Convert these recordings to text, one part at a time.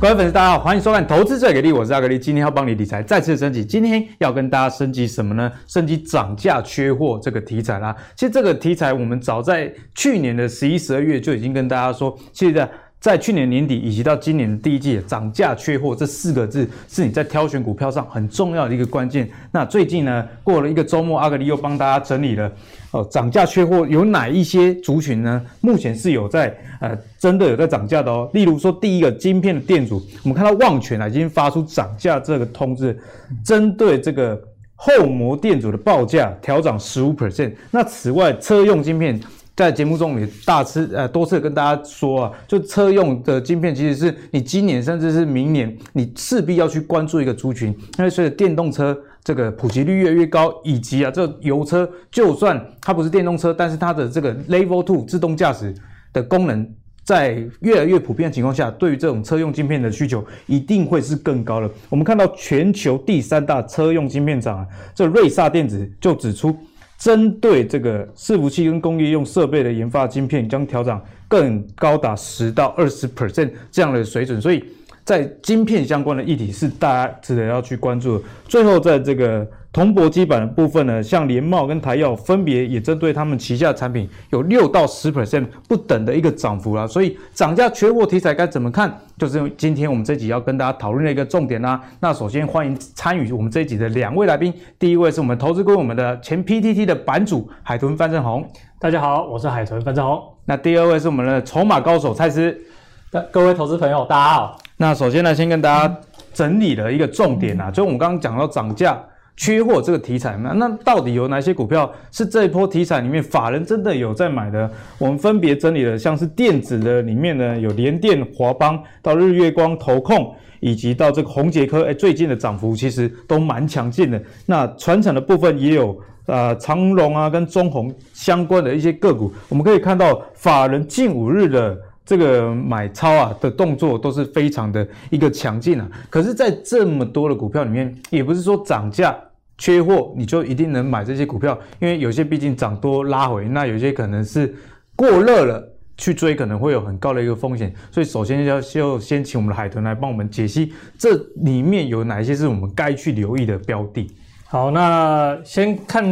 各位粉絲，大家好，歡迎收看《投資最給力》，我是阿格力，今天要幫你理財，再次升級。今天要跟大家升級什麼呢？升級漲價、缺貨這個題材啦、啊。其實這個題材，我們早在去年的十一、十二月就已經跟大家說，現在。在去年年底以及到今年的第一季，漲價缺貨這四個字是你在挑選股票上很重要的一個關鍵。那最近呢，過了一個周末，阿格力又幫大家整理了，哦，漲價缺貨有哪一些族群呢？目前是有在呃，真的有在漲價的哦。例如說，第一個晶片的電阻，我們看到旺泉啊已經發出漲價這個通知，針對這個後膜電阻的報價調漲十五 percent。那此外，車用晶片。在節目中，也大吃，呃，多次的跟大家說啊，就車用的晶片，其實是你今年甚至是明年，你勢必要去關注一個族群，因為隨着電動車這個普及率越來越高，以及啊，這油車就算它不是電動車，但是它的這個 Level Two 自動駕駛的功能在越來越普遍的情況下，對於這種車用晶片的需求一定會是更高的。我們看到全球第三大車用晶片廠，啊，這瑞薩電子就指出。針對這個伺服器跟工業用設備的研發晶片，將調漲更高達十到二十 percent 這樣的水準，所以，在晶片相關的議題是大家值得要去關注的。最後，在這個銅箔基板的部分呢，像聯茂跟台耀，分別也針對他們旗下的產品有六到十 percent 不等的一個漲幅啦、啊。所以漲價缺貨題材該怎麼看？就是因為今天我們這集要跟大家討論的一個重點啦、啊。那首先歡迎參與我們這一集的兩位來賓，第一位是我們投資顧問，我們的前 PTT 的版主海豚范振鴻。大家好，我是海豚范振鴻。那第二位是我們的籌碼高手蔡司，各位投資朋友大家好。那首先呢，先跟大家整理了一個重點啊，就我們剛剛講到漲價、缺貨這個題材，那那到底有哪些股票是這一波題材裡面法人真的有在買的？我們分別整理了，像是電子的裡面呢，有聯電、華邦到日月光投控，以及到這個宏捷科，哎、欸，最近的漲幅其實都蠻強勁的。那傳產的部分也有啊、呃，長榮啊，跟中鴻相關的一些個股，我們可以看到法人近五日的。這個買超啊的動作都是非常的一個強勁啊，可是，在這麼多的股票裡面，也不是說漲價缺貨你就一定能買這些股票，因為有些畢竟漲多拉回，那有些可能是過熱了去追，可能會有很高的一個風險，所以首先要要先請我們的海豚來幫我們解析這裡面有哪一些是我們該去留意的標的。好，那先看，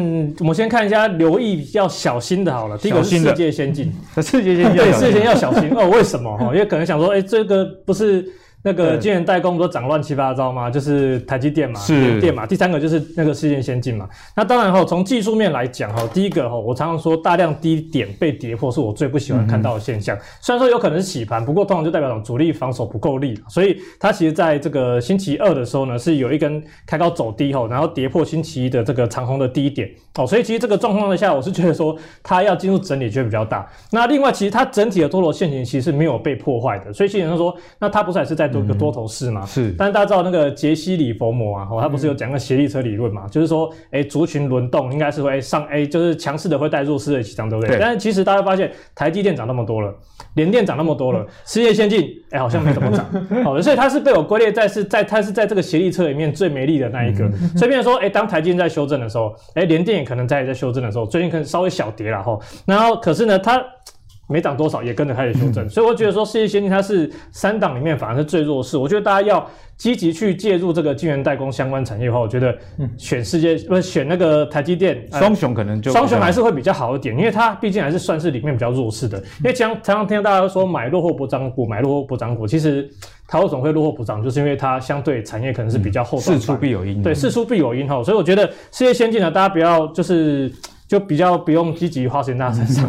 我們先看一下，留意要小心的，好了。第一個是世界先進 世界先進，對，世界先要小心 哦。為什麼？因為可能想說，哎、欸，這個不是。那個晶圓代工不是漲亂七八糟嗎？對就是台積電嘛、聯是電嘛。第三個就是那個世界先進嘛。那當然哈，從技術面來講哈，第一個哈，我常常說大量低點被跌破是我最不喜歡看到的現象。嗯、雖然說有可能是洗盤，不過通常就代表主力防守不夠力。所以它其實在這個星期二的時候呢，是有一根開高走低哈，然後跌破星期一的這個長紅的低點哦。所以其實這個狀況下，我是覺得說它要進入整理區比較大。那另外其實它整體的多頭線型其實是沒有被破壞的，所以基本上說，那它不是還是在。有、嗯、個多頭市嘛，是，但是大家知道那個傑西里魔、啊·里佛摩啊，他不是有講個協力車理論嘛？嗯、就是說，哎、欸，族群輪動應該是會、欸、上 A，、欸、就是強勢的會帶弱勢的一起漲，對不對？對，但是其實大家發現，台積電漲那麼多了，聯電漲那麼多了，世界先進，哎、欸，好像沒怎麼漲，的、 哦，所以它是被我歸類在是在它是在這個協力車裡面最沒力的那一個。嗯、所以，變成說，哎、欸，當台積電在修正的時候，哎、欸，聯電也可能在也在修正的時候，最近可能稍微小跌了哈，然後可是呢，它。沒漲多少，也跟着開始修正，嗯、所以我覺得說世界先進它是三檔裡面反而是最弱勢。我覺得大家要積極去介入這個晶圓代工相關產業的話，我覺得選世界不、嗯、選那個台積電，雙、呃、雄可能就雙雄還是會比較好一點，因為它畢竟還是算是裡面比較弱勢的。嗯、因為常常聽到大家說買落後不漲股，買落後不漲股，其實它為什麼會落後不漲，就是因為它相對產業可能是比較後的、嗯、事出必有因，對，事出必有因哈。嗯、所以我覺得世界先進呢，大家不要就是。就比較不用積極花錢在身上，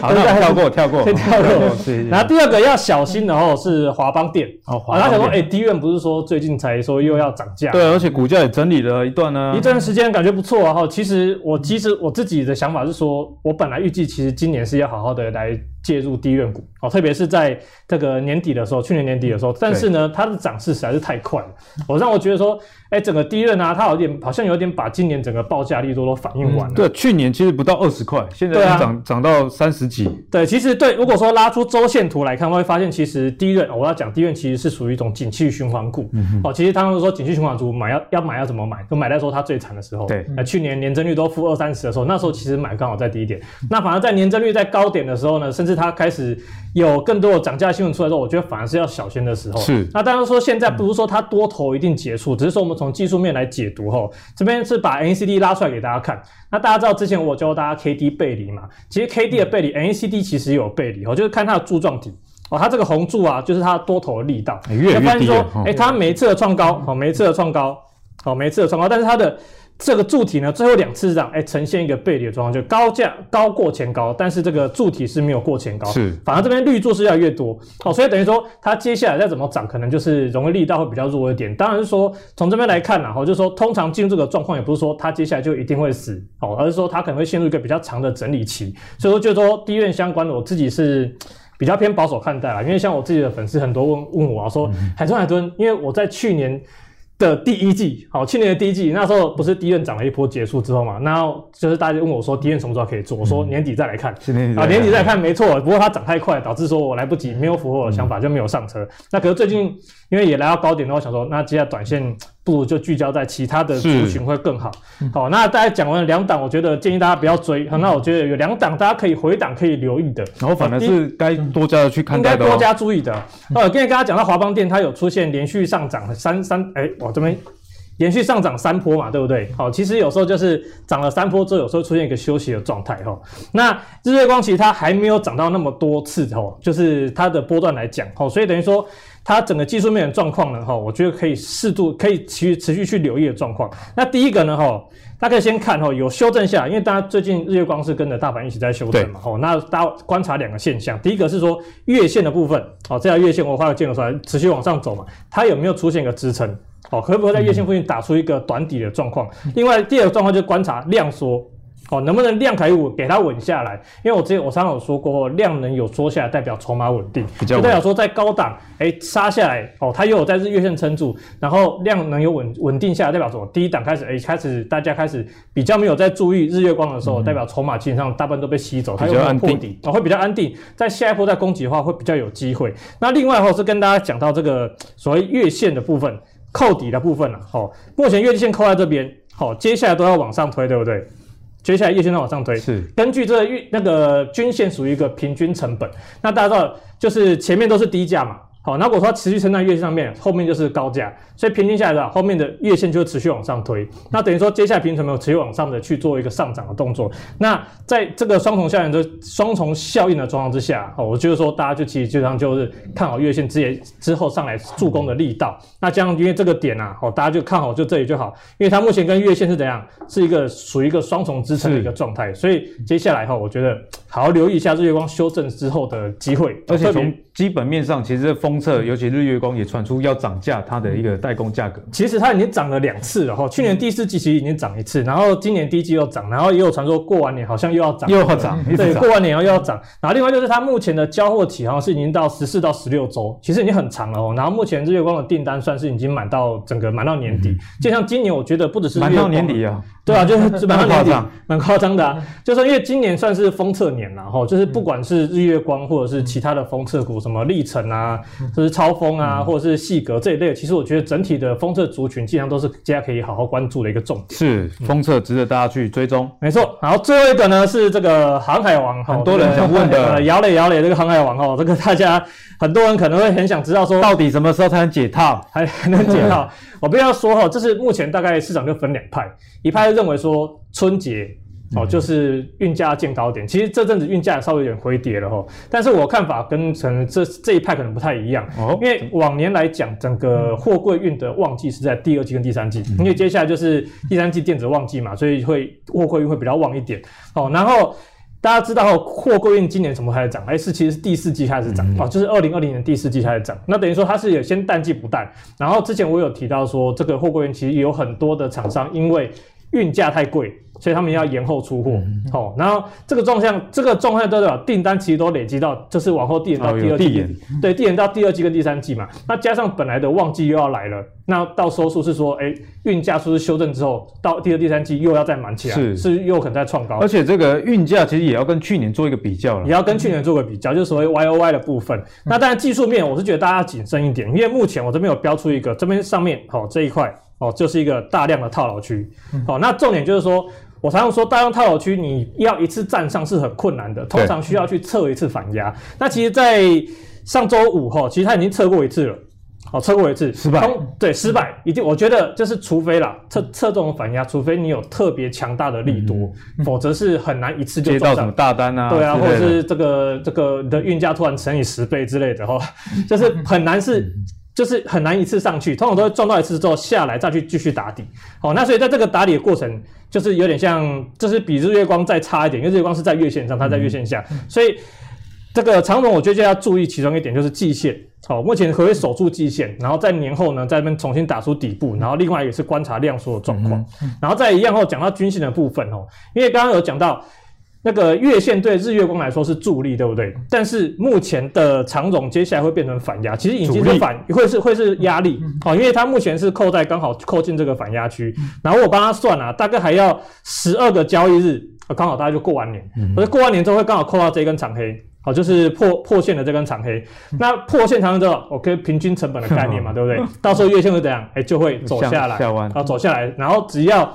好，跳過跳過，先跳過。對， 然後第二個要小心的哦，是華邦電。哦、嗯，華邦電。哎、欸，DRAM 不是說最近才說又要漲價、嗯？對，而且股價也整理了一段呢、啊，一段時間感覺不錯啊。哈，其實我其實我自己的想法是說，我本來預計其實今年是要好好的來。介入 DRAM 股哦，特別是在這個年底的時候，去年年底的時候，但是呢，嗯、它的漲勢實在是太快了，我、哦、讓我覺得說，哎、欸，整個 DRAM 啊，它有點好像有點把今年整個報價力度都反映完了、嗯。對，去年其實不到二十塊，現在漲漲、啊、到三十幾。對，其實對，如果說拉出周線圖來看，會發現其實 DRAM、哦，我要講 DRAM 其實是屬於一種景氣循環股、嗯、哼哦。其實他們說景氣循環股買要要買要怎麼買，就買在說它最慘的時候。對，那、呃、去年年增率都負二三十的時候，那時候其實買剛好在低一點。嗯、那反而在年增率在高點的時候呢，甚至。它開始有更多漲價的漲價新聞出來之後，我覺得反而是要小心的時候。是，那當然說現在不是說它多頭一定結束，嗯、只是說我們從技術面來解讀。吼，這邊是把 MACD 拉出來給大家看。那大家知道之前我教大家 KD 背離嘛，其實 KD 的背離、嗯，MACD 其實也有背離。吼，就是看它的柱狀體。哦，它這個紅柱啊，就是它多頭的力道。越越低，發現說，哎、哦欸，它每一次的創高，好、哦，每一次的創高，好、哦，每一次的創高，但是它的。這個柱體呢，最後兩次漲，哎，呈現一個背離的狀況，就高價高過前高，但是這個柱體是沒有過前高，是，反而這邊綠柱是要越多哦，所以等於說它接下來再怎麼漲，可能就是融資力道會比較弱一點。當然是說從這邊來看呢，哦，就說通常進入這個狀況，也不是說它接下來就一定會死哦，而是說它可能會陷入一個比較長的整理期。所以說就是說低院相關的，我自己是比較偏保守看待啦，因為像我自己的粉絲很多問問我、啊，說、嗯、海豚海豚，因為我在去年。的第一季，好，去年的第一季，那時候不是迪潤漲了一波結束之後嘛？然後就是大家問我說，迪潤什麼時候可以做？我說年底再來看。啊，年底再來看，沒錯。不過它漲太快，導致說我來不及，沒有符合我的想法，就沒有上車。那可是最近因為也來到高點，的話我想說，那接下來短線不如就聚焦在其他的族群會更好。好，那大家講完了兩檔，我覺得建議大家不要追。那我覺得有兩檔大家可以回檔可以留意的。然後反正是該多加去看待的，應該多加注意的。呃，剛才剛剛講到華邦電，它有出現連續上漲三三哇，這邊延續上漲三波嘛，對不對？好、哦，其實有時候就是漲了三波之後，有時候出現一個休息的狀態哈。那日月光其實它還沒有漲到那麼多次、哦、就是它的波段來講、哦、所以等於說它整個技術面的狀況呢哈、哦，我覺得可以適度可以持續持續去留意的狀況。那第一個呢哈、哦，大家可以先看哈、哦，有修正下來，因為大家最近日月光是跟着大盤一起在修正嘛哈對、哦。那大家觀察兩個現象，第一個是說月線的部分哦，這條月線我畫個箭頭出來，持續往上走嘛，它有沒有出現一個支撐？哦，可不可以在月線附近打出一個短底的狀況？另外，第二個狀況就是觀察量縮，哦，能不能量可以穩，給它穩下來？因為我之前我上次有說過、喔，量能有縮下來，代表籌碼穩定，就代表說在高檔，哎，殺下來，哦，它又有在日月線撐住，然後量能有穩穩定下來，代表什麼？第一檔開始，哎，開始大家開始比較沒有在注意日月光的時候，代表籌碼基本上大部分都被吸走，它有沒有破底？哦，會比較安定，在下一波在攻擊的話，會比較有機會。那另外哦、喔，是跟大家講到這個所謂月線的部分。扣底的部分了，啊，好，哦，目前月線扣在這邊，好，哦，接下來都要往上推，對不對？接下來月線再往上推，是根據這個那個均線屬於一個平均成本，那大家知道就是前面都是低價嘛。好，那如果說它持續撐在月線上面，後面就是高價，所以平均下來的後面的月線就會持續往上推。那等於說接下來憑什麼持續往上的去做一個上漲的動作？那在這個雙重效應的雙重效應的狀況之下，哦，我就是說大家就其實基本上就是看好月線之也之後上來助攻的力道。嗯、那這樣，因為這個點啊，哦，大家就看好就這裡就好，因為它目前跟月線是怎樣是一個屬於一個雙重支撐的一個狀態。是所以接下來哈、哦，我覺得好好留意一下日月光修正之後的機會，而且特別 從基本面上其實風。公測，尤其日月光也傳出要漲價，它的一個代工價格，其實它已經漲了兩次了哈。去年第四季其實已經漲一次，嗯、然後今年第一季又漲，然後也有傳說過完年好像又要漲，又要漲，對，過完年啊又要漲。然後另外就是它目前的交貨期好像是已經到十四到十六週，其實已經很長了哦。然後目前日月光的訂單算是已經滿到整個滿到年底，嗯、就像今年我覺得不只是滿到年底啊。 對啊，就是基本上蠻誇張的啊，就是因為今年算是封測年啦，吼，就是不管是日月光或者是其他的封測股，什麼力成啊，就是超豐啊， 或者是矽格這一類的，其實我覺得整體的封測族群，基本上都是大家可以好好關注的一個重點。是封測值得大家去追蹤、嗯。沒錯，然後最後一個呢是這個航海王，很多人想問的，姚磊姚磊這個航海王吼，這個大家很多人可能會很想知道說，到底什麼時候才能解套？還還能解套？ 我不要說吼，這是目前大概市場就分兩派，一派。認為說春節哦，就是運價要見高點。其實這陣子運價稍微有點回跌了哈。但是我看法跟成這這一派可能不太一樣哦。因為往年來講，整個貨櫃運的旺季是在第二季跟第三季，因為接下來就是第三季電子旺季嘛，所以會貨櫃運會比較旺一點哦。然後大家知道貨櫃運今年什麼開始漲？還、欸、是其實是第四季開始漲哦，就是二零二零年第四季開始漲。那等於說它是有先淡季不淡。然後之前我有提到說，這個貨櫃運其實有很多的廠商因為運價太貴，所以他們要延後出貨。好、嗯哼哦，然後這個狀況，這個狀況代表訂單其實都累積到，就是往後遞延到第二季，對、哦，遞延到第二季跟第三季嘛。嗯、哼那加上本來的旺季又要來了，那到收數是說，哎、欸，運價收是修正之後，到第二、第三季又要再滿起來，是，是又可能再創高。而且這個運價其實也要跟去年做一個比較了，也要跟去年做個比較，就是所謂 Y O Y 的部分。嗯、哼那當然技術面，我是覺得大家要謹慎一點，因為目前我這邊有標出一個這邊上面，好、哦、這一塊。哦，就是一個大量的套牢區。哦，那重點就是說，我常常說大量套牢區，你要一次站上是很困難的，通常需要去測一次反壓。對那其實，在上周五哈、哦，其實他已經測過一次了。哦，測過一次失敗，對，失敗、嗯、已經。我覺得就是，除非啦，測測這種反壓，除非你有特別強大的力度，嗯、否則是很難一次就站上。接到什麼大單啊？對啊，對，或者是這個這個你的運價突然乘以十倍之類的哈、哦，就是很難是。嗯就是很難一次上去，通常都會撞到一次之後下來再去繼續打底。好、哦，那所以在這個打底的過程，就是有點像，就是比日月光再差一點，因為日月光是在月線上，它在月線下，嗯嗯、所以這個長榮我覺得就要注意其中一點，就是季線。好、哦，目前可以守住季線，然後在年後呢再那邊重新打出底部，嗯、然後另外也是觀察量縮的狀況，嗯嗯、然後再一樣後講到均線的部分哦，因為剛剛有講到。那個月線對日月光來說是助力，對不對？但是目前的長總接下來會變成反壓，其實已經是反，力會是會是壓力，好、嗯嗯哦，因為它目前是扣在剛好扣進這個反壓區。然後我幫他算啊，大概還要十二個交易日，剛、啊、好大概就過完年，可是、嗯、過完年之後會剛好扣到這根長黑，好、啊，就是破破線的這根長黑。那破線長之後，我以、嗯 OK, 平均成本的概念嘛，呵呵對不對？到時候月線會怎樣？誒、欸、就會走下來，啊，走下來，然後只要。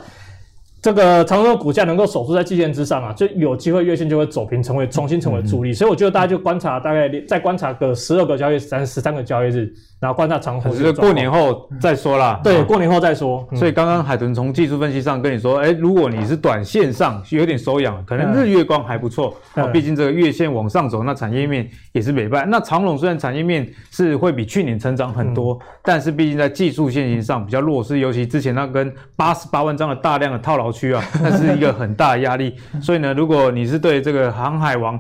這個長榮股價能夠守住在季線之上啊，就有機會月線就會走平，成為重新成為主力。嗯、所以我覺得大家就觀察，大概再觀察個十二個交易日，三十三個交易日。然後關到長榮，我覺得過年後再說啦。嗯、對，過年後再說。嗯、所以剛剛海豚從技術分析上跟你說，誒，如果你是短線上有點手癢，可能日月光還不錯，嗯、畢竟這個月線往上走，那產業面也是美敗。嗯、那長榮雖然產業面是會比去年成長很多，嗯、但是畢竟在技術線型上比較弱勢，嗯、尤其之前那根八十八萬張的大量的套牢區啊， 那是一個很大的壓力。嗯、所以呢，如果你是對這個航海王。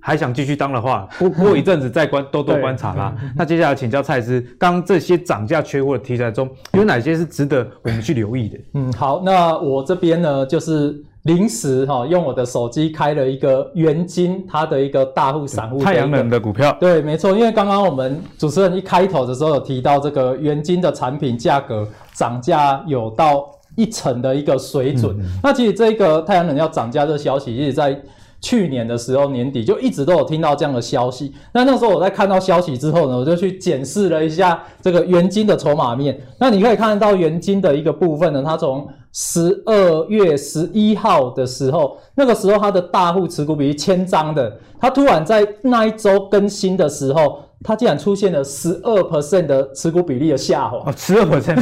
還想繼續當的話，過過一陣子再觀 多多觀察啦。對那接下來請教蔡司，剛這些漲價缺貨的題材中，有哪些是值得我們去留意的？嗯，好，那我這邊呢，就是臨時哈、喔，用我的手機開了一個元金，它的一個大戶散戶太陽能的股票。對，沒錯，因為剛剛我們主持人一開頭的時候有提到，這個元金的產品價格漲價有到一成的一個水準。嗯嗯，那其實這個太陽能要漲價的消息一直在。去年的時候年底就一直都有聽到這樣的消息，那那時候我在看到消息之後呢，我就去檢視了一下這個元晶的籌碼面。那你可以看得到元晶的一個部分呢，它從。十二月十一號的時候，那個時候它的大戶持股比例千張的，它突然在那一周更新的時候，它竟然出現了十二 percent 的持股比例的下滑。哦，十二 percent，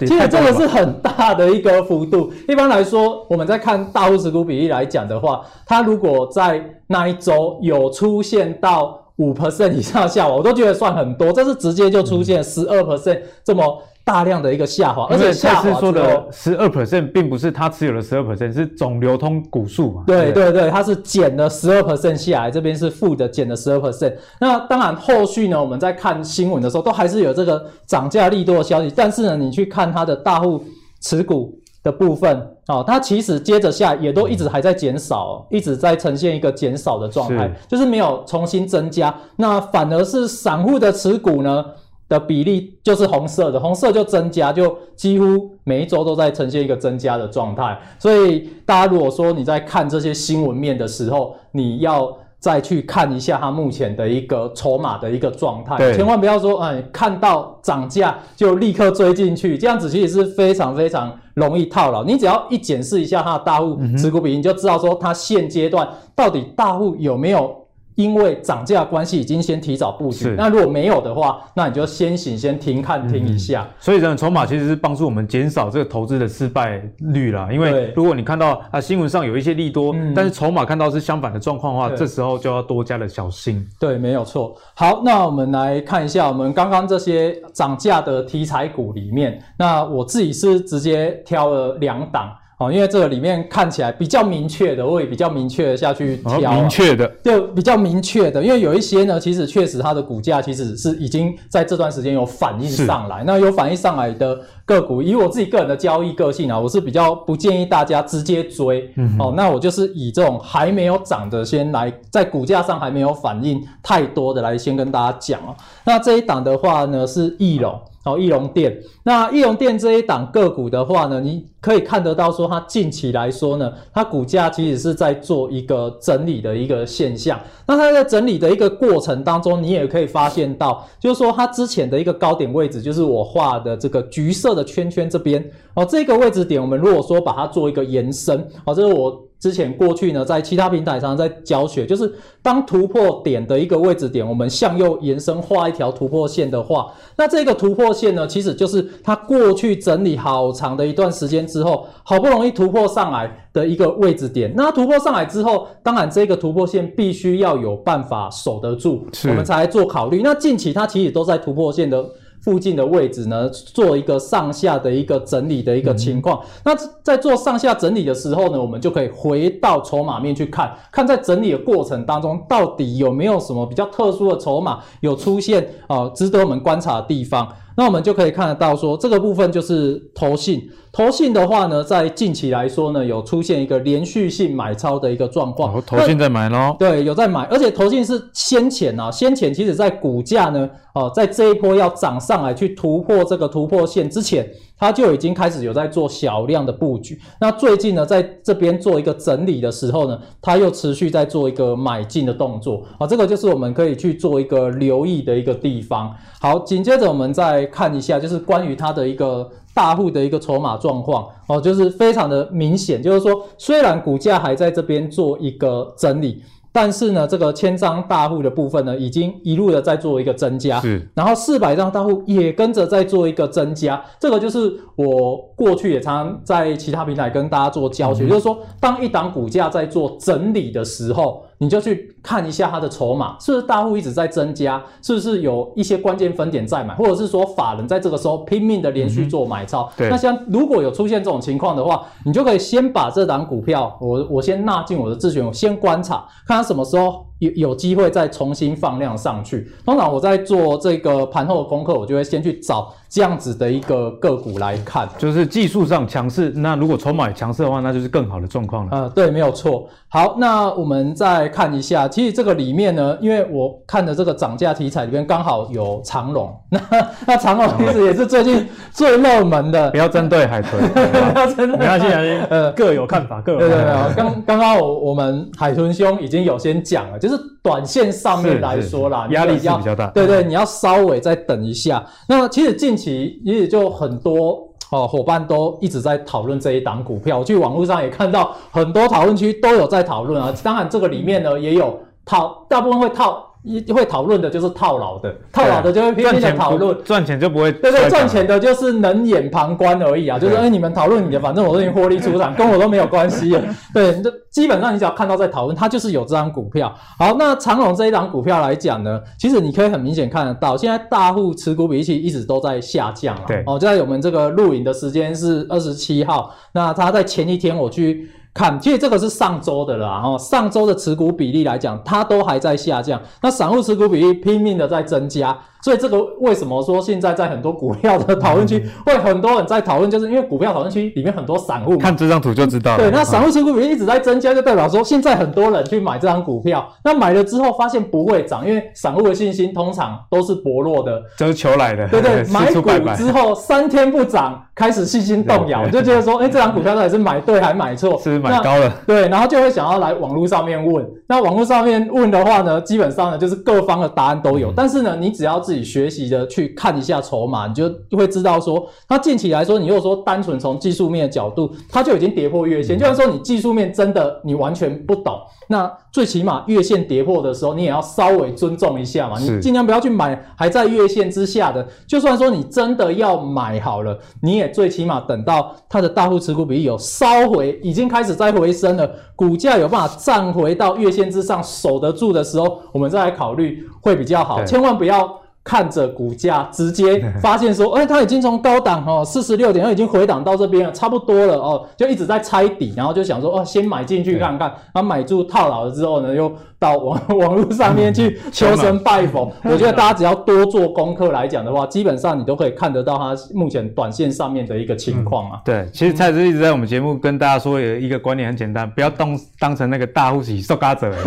其實這個對是很大的一個幅度。一般來說，我們在看大戶持股比例來講的話，它如果在那一周有出現到五 percent 以上的下滑，我都覺得算很多。但是直接就出現十二 percent 這麼。嗯大量的一個下滑，而且蔡司說的十二 percent 並不是他持有的十二 percent，是總流通股數嘛？對對對，對對，它是減了十二 percent 下來，這邊是負的，減了十二 percent。那當然，後續呢，我們在看新聞的時候，都還是有這個漲價利多的消息。但是呢，你去看它的大戶持股的部分，哦，它其實接着下，也都一直還在減少，哦、嗯、一直在呈現一個減少的狀態，是就是沒有重新增加。那反而是散戶的持股呢？的比例就是紅色的，紅色就增加，就幾乎每一週都在呈現一個增加的狀態。所以大家如果說你在看這些新聞面的時候，你要再去看一下它目前的一個籌碼的一個狀態，對千萬不要說哎、嗯、看到漲價就立刻追進去，這樣子其實是非常非常容易套牢。你只要一檢視一下它的大戶持股比，你就知道說它現階段到底大戶有沒有。因為漲價關係已經先提早布局，是那如果沒有的話，那你就先行先聽看，嗯、聽一下。所以呢，籌碼其實是幫助我們減少這個投資的失敗率啦，因為如果你看到對啊新聞上有一些利多，嗯、但是籌碼看到是相反的狀況的話，對這時候就要多加的小心。對，沒有錯。好，那我們來看一下我們剛剛這些漲價的題材股裡面，那我自己是直接挑了兩檔。好，因為這個裡面看起來比較明確的，我也比較明確的下去挑，啊哦，明確的，就比較明確的。因為有一些呢，其實確實它的股價其實是已經在這段時間有反應上來，是那有反應上來的個股，以我自己個人的交易個性啊，我是比較不建議大家直接追。嗯、哼哦，那我就是以這種還沒有漲的，先來在股價上還沒有反應太多的，來先跟大家講，啊、那這一檔的話呢，是義隆。嗯哦，義隆電，那義隆電這一檔個股的話呢，你可以看得到說，它近期來說呢，它股價其實是在做一個整理的一個現象。那它在整理的一個過程當中，你也可以發現到，就是說它之前的一個高點位置，就是我畫的這個橘色的圈圈這邊。哦，這個位置點，我們如果說把它做一個延伸，哦，這是我。之前過去呢，在其他平台上在教學，就是當突破點的一個位置點，我們向右延伸畫一條突破線的話，那這個突破線呢，其實就是它過去整理好長的一段時間之後，好不容易突破上來的一個位置點。那它突破上來之後，當然這個突破線必須要有辦法守得住，是我們才來做考慮。那近期它其實都在突破線的。附近的位置呢，做一個上下的一個整理的一個情況。嗯、那在做上下整理的時候呢，我們就可以回到籌碼面去看看，在整理的過程當中，到底有沒有什麼比較特殊的籌碼有出現啊、呃，值得我們觀察的地方。那我們就可以看得到說，這個部分就是投信。投信的話呢，在近期來說呢，有出現一個連續性買超的一個狀況。哦、投信在買嘍？對，有在買，而且投信是先前啊，先前，其實在股價呢。哦，在這一波要漲上來去突破這個突破線之前，它就已經開始有在做小量的布局。那最近呢，在這邊做一個整理的時候呢，它又持續在做一個買進的動作。啊，這個就是我們可以去做一個留意的一個地方。好，緊接着我們再看一下，就是關於它的一個大戶的一個籌碼狀況。哦、啊，就是非常的明顯，就是說雖然股價還在這邊做一個整理。但是呢，這個千張大戶的部分呢，已經一路的在做一個增加，是然後四百張大戶也跟着在做一個增加，這個就是我過去也常常在其他平台跟大家做教學，就是說，當一檔股價在做整理的時候，你就去看一下它的籌碼是不是大戶一直在增加，是不是有一些關鍵分點在買，或者是說法人在這個時候拼命的連續做買超。嗯、哼那像如果有出現這種情況的話，你就可以先把這檔股票，我我先納進我的自選，我先觀察，看它什麼時候。有有機會再重新放量上去。通常我在做這個盤後的功課，我就會先去找這樣子的一個個股來看，就是技術上強勢，那如果籌碼強勢的話，那就是更好的狀況了。呃。對，沒有錯。好，那我們再看一下，其實這個裡面呢，因為我看的這個漲價題材裡面剛好有長榮。那那長榮其實也是最近最熱門的。 不要針對海豚， 不要針對海豚 不要，沒關係，沒關係。呃，各有看法，呃、各有看法。剛剛好我我們海豚兄已經有先講了，就。是短線上面來說啦，壓力比較，要比較大，對，對對，嗯、你要稍微再等一下。那其實近期也就很多哦，呃、夥伴都一直在討論這一檔股票。我去網絡上也看到很多討論區都有在討論啊。嗯、當然，這個裡面呢、嗯、也有套，大部分會套。一會討論的就是套牢的，套牢的就會拼命的討論，賺錢，錢就不會。對，對對，賺錢的就是冷眼旁觀而已啊，對就是說、欸，你們討論你的，反正我都已經獲利出場， 跟我都沒有關係。對，這基本上你只要看到在討論，他就是有這張股票。好，那長榮這一檔股票來講呢，其實你可以很明顯看得到，現在大戶持股比例其實一直都在下降。對，哦，就在我們這個錄影的時間是二十七號，那他在前一天我去。看，其實這個是上週的啦哦。上週的持股比例來講，它都還在下降。那散戶持股比例拼命的在增加。所以這個為什麼說現在在很多股票的討論區，會很多人在討論，就是因為股票討論區裡面很多散戶，看這張圖就知道了、嗯。對，嗯、那散戶持股比例一直在增加，就代表說現在很多人去買這張股票。那買了之後發現不會漲，因為散戶的信心通常都是薄弱的，就是求來的。對，對對，百百買股之後三天不漲，開始信心動搖，OK 就覺得說，哎、欸，這張股票到底是買對還買錯？是不是買高了？對，然後就會想要來網絡上面問。那網絡上面問的話呢，基本上呢就是各方的答案都有，嗯、但是呢，你只要。自己學習的去看一下籌碼，你就會知道說，它近期來說，你又說單純從技術面的角度，它就已經跌破月線。就是、嗯、說你技術面真的你完全不懂，那最起碼月線跌破的時候，你也要稍微尊重一下嘛。是你儘量不要去買還在月線之下的。就算說你真的要買好了，你也最起碼等到它的大戶持股比例有稍微已經開始在回升了，股價有辦法站回到月線之上守得住的時候，我們再來考慮會比較好。嗯、千萬不要。看着股價直接發現說，哎、欸，它已經從高檔哦四十六點二已經回檔到這邊了，差不多了哦，就一直在猜底，然後就想說，哦，先買進去看看，然後對、啊、買住套牢了之後呢，又到網網絡上面去求神拜佛。嗯、我覺得大家只要多做功課來講的話， 基本上你都可以看得到它目前短線上面的一個情況啊、嗯。對，其實蔡司一直在我們節目跟大家說有一個觀點很簡單，不要當當成那個大戶吸受嘎者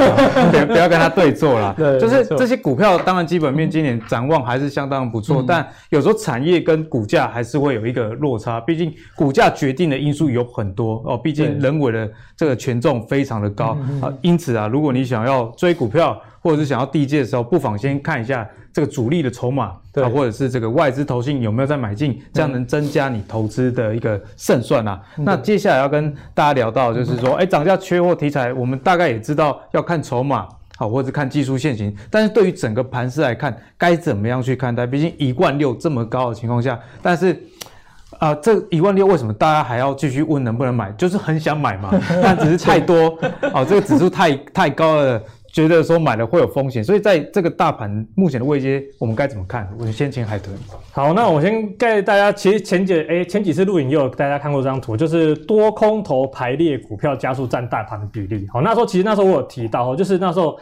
不，不要跟他對作了。對，就是錯這些股票，當然基本面今年掌握、嗯。嗯望還是相當不錯，但有時候產業跟股價還是會有一個落差，畢竟股價決定的因素有很多哦，畢竟人為的這個權重非常的高啊，對因此啊，如果你想要追股票或者是想要低接的時候，不妨先看一下這個主力的籌碼，對、啊，或者是這個外資投信有沒有在買進，這樣能增加你投資的一個勝算啊。對那接下來要跟大家聊到就是說，哎對，漲價缺貨題材，我們大概也知道要看籌碼。好，或者看技術線型，但是對於整個盤勢來看，該怎麼樣去看待？畢竟一萬六這麼高的情況下，但是啊、呃，這一萬六為什麼大家還要繼續問能不能買？就是很想買嘛，但只是太多，好 對、哦，這個指數太 太高了。覺得說買了會有風險，所以在這個大盤目前的位階，我們該怎麼看？我們先請海豚。好，那我先帶大家，其實前幾誒、欸、前幾次錄影也有大家看過這張圖，就是多空頭排列股票加速占大盤的比例。好，那時候其實那時候我有提到，就是那時候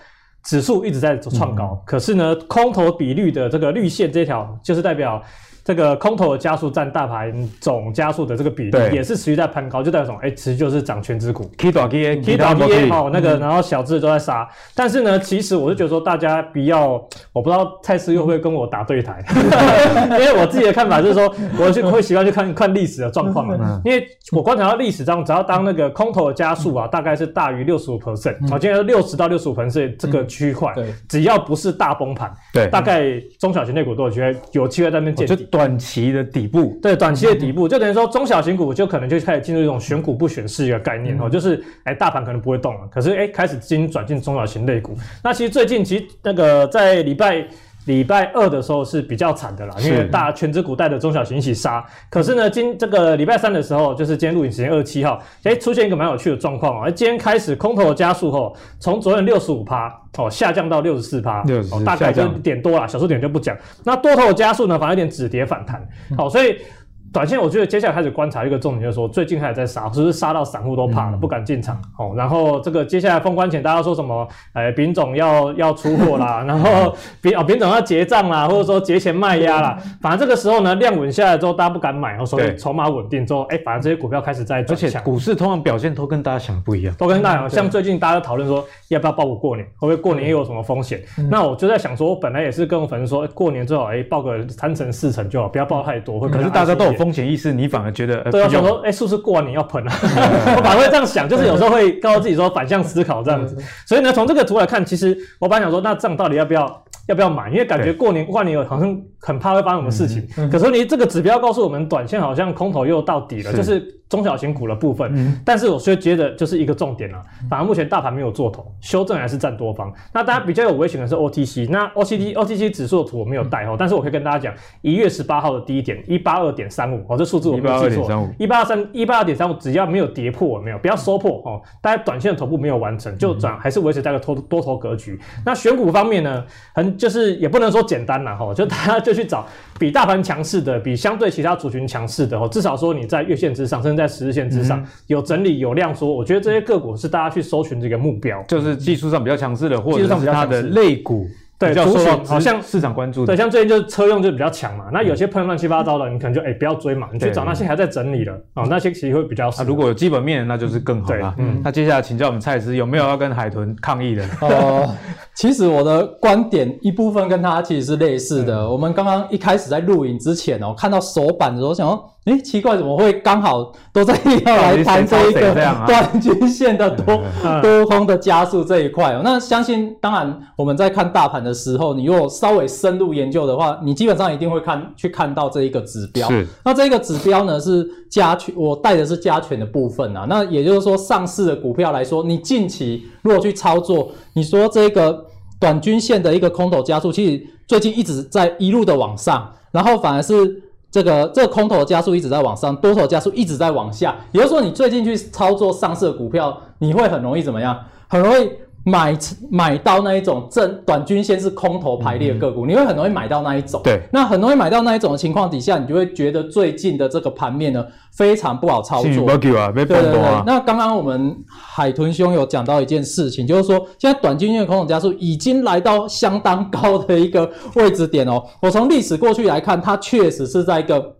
指數一直在走創高，嗯、可是呢，空頭比率的這個綠線這條，就是代表。這個空頭的加速占大盤總加速的這個比例，也是持續在攀高，就代表說，哎、欸，其實就是漲權值股。K 打 K，K 打 K，好，那個，然後小志都在殺，嗯、哼但是呢，其實我是覺得說，大家比較我不知道蔡司又會跟我打對台，嗯、哼 因為我自己的看法就是說，我就會習慣去看看歷史的狀況、嗯、哼因為我觀察到歷史上，只要當那個空頭的加速啊，大概是大於六十五 percent，好，今天60到是六十到六十五 percent 這個區塊，嗯、只要不是大崩盤，對大概中小型類股都有機會，我覺得有機會在那邊見底。短期的底部，對，短期的底部，底部就等於說中小型股就可能就開始進入一種選股不選市一個概念哦，嗯、就是哎、欸、大盤可能不會動了，可是哎、欸、開始資金轉進中小型類股。那其實最近其實那個在禮拜。禮拜二的時候是比較慘的啦，因為大全指古代的中小型一起殺。是可是呢，今這個禮拜三的時候，就是今天錄影時間二十七號，哎、欸，出現一個蠻有趣的狀況啊。今天開始空頭的加速哦、喔，從昨天六十五趴哦下降到六十四趴，喔、大概就一點多了，小數點就不講。那多頭的加速呢，反而有點止跌反彈，嗯、好，所以。短線我覺得接下來開始觀察一個重點，就是說最近還在殺，是不是殺到散戶都怕了，嗯、不敢進場哦。然後這個接下來封關前，大家說什麼？哎、欸，丙種要要出貨啦， 然後丙哦丙種要結賬啦，或者說節前賣壓啦。嗯、反正這個時候呢，量穩下來之後，大家不敢買哦，所以籌碼穩定之後，哎對、欸，反正這些股票開始在轉強。而且股市通常表現都跟大家想不一樣，都跟大家對，像最近大家討論說要不要抱股過年，會不會過年又有什麼風險？嗯、那我就在想說，我本來也是跟我粉絲說、欸，過年最好哎抱、欸、個三成四成就好，不要抱太多，嗯、會可是大家都。風險意識，你反而覺得對啊，想說，誒、欸、哎，是不是過完年要噴啊？ 我反而會這樣想，就是有時候會告訴自己說，反向思考這樣子。 嗯、所以呢，從這個圖來看，其實我本來想說，那這樣到底要不要要不要買？因為感覺過年過完年有好像很怕會發生什麼事情。嗯嗯，可是你這個指標告訴我們，短線好像空頭又到底了，就是。中小型股的部分，嗯、但是我以覺得就是一個重點了、啊。反而、嗯啊、目前大盤沒有做頭，修正還是占多方。那大家比較有危險的是 OTC，嗯。那 OTC、OTC 指數的圖我沒有帶哦，嗯、但是我可以跟大家講，一月十八號的第一點一八二點三五哦，這數字我沒有記錯。一八二三一八二點三五，只要沒有跌破，沒有不要收破哦，嗯、大家短線的頭部沒有完成，就轉還是維持在個多、嗯、多頭格局。那選股方面呢，很就是也不能說簡單啦。哈，就大家就去找。比大盤強勢的，比相對其他族群強勢的哦，至少說你在月線之上，甚至在十日線之上、嗯、有整理有量縮，我覺得這些個股是大家去搜尋這個目標，就是技術上比較強勢的，嗯、或者它的類股。就是說好像市場關注的對，像最近就是車用就比較強嘛，那有些噴亂七八糟的，你可能就哎、欸、不要追嘛，你去找那些還在整理的啊、哦，那些其實會比較少。啊、如果有基本面，那就是更好了。嗯，那接下來請教我們蔡司，有沒有要跟海豚抗議的呢？哦、呃，其實我的觀點一部分跟他其實是類似的。嗯、我們剛剛一開始在錄影之前哦、喔，看到手板的時候，想說，誒、欸，奇怪，怎麼會剛好都在要來談這一個短均線的多多空的加速這一塊？哦，那相信當然我們在看大盤的的時候，你如果稍微深入研究的話，你基本上一定會看去看到這一個指標。是那這個指標呢是加權，我帶的是加權的部分啊。那也就是說，上市的股票來說，你近期如果去操作，你說這個短均線的一個空頭加速，其實最近一直在一路的往上，然後反而是這個這個空頭的加速一直在往上，多頭的加速一直在往下。也就是說，你最近去操作上市的股票，你會很容易怎麼樣？很容易。買買到那一種正短均線是空頭排列的個股，嗯、你會很容易買到那一種。對，那很容易買到那一種的情況底下，你就會覺得最近的這個盤面呢非常不好操作。啊、對對對，那剛剛我們海豚兄有講到一件事情，就是說現在短均線的空頭加速已經來到相當高的一個位置點哦、喔。我從歷史過去來看，它確實是在一個